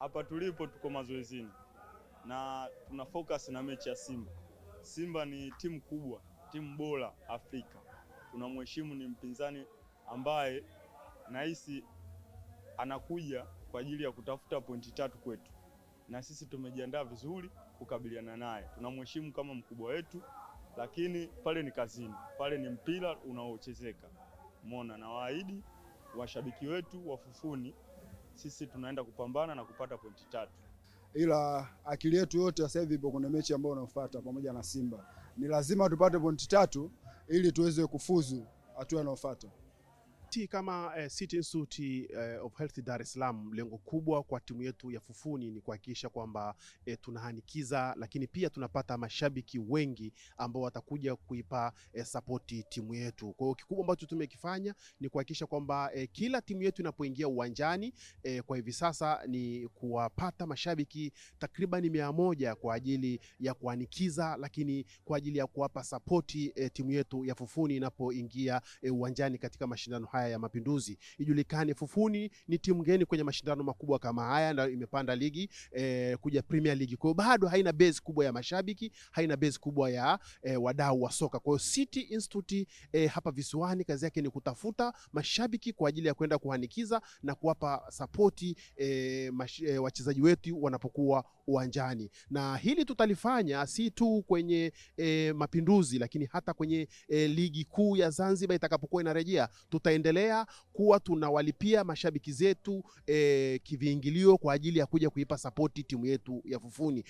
Hapa tulipo tuko mazoezini na tuna focus na mechi ya Simba. Simba ni timu kubwa, timu bora Afrika. Tunamheshimu, ni mpinzani ambaye nahisi anakuja kwa ajili ya kutafuta pointi tatu kwetu, na sisi tumejiandaa vizuri kukabiliana naye. Tunamheshimu kama mkubwa wetu, lakini pale ni kazini, pale ni mpira unaochezeka. Mona, nawaahidi washabiki wetu wafufuni sisi tunaenda kupambana na kupata pointi tatu, ila akili yetu yote sasa hivi ipo kwenye mechi ambayo unaofuata pamoja na Simba. Ni lazima tupate pointi tatu ili tuweze kufuzu hatua inayofuata. Kama eh, City Institute eh, of Health Dar es Salaam, lengo kubwa kwa timu yetu ya Fufuni ni kuhakikisha kwamba eh, tunahanikiza, lakini pia tunapata mashabiki wengi ambao watakuja kuipa eh, sapoti timu yetu. Kwa hiyo kikubwa ambacho tumekifanya ni kuhakikisha kwamba eh, kila timu yetu inapoingia uwanjani eh, kwa hivi sasa ni kuwapata mashabiki takriban mia moja kwa ajili ya kuhanikiza, lakini kwa ajili ya kuwapa sapoti eh, timu yetu ya Fufuni inapoingia eh, uwanjani katika mashindano haya haya ya Mapinduzi. Ijulikane Fufuni ni timu geni kwenye mashindano makubwa kama haya, na imepanda ligi e, kuja Premier League. Kwa hiyo bado haina base kubwa ya mashabiki, haina base kubwa ya e, wadau wa soka. Kwa hiyo City Institute e, hapa visiwani kazi yake ni kutafuta mashabiki kwa ajili ya kwenda kuhanikiza na kuwapa sapoti e, e, wachezaji wetu wanapokuwa uwanjani, na hili tutalifanya si tu kwenye e, Mapinduzi, lakini hata kwenye e, ligi kuu ya Zanzibar itakapokuwa inarejea tutaenda tunaendelea kuwa tunawalipia mashabiki zetu e, kiviingilio kwa ajili ya kuja kuipa sapoti timu yetu ya Fufuni.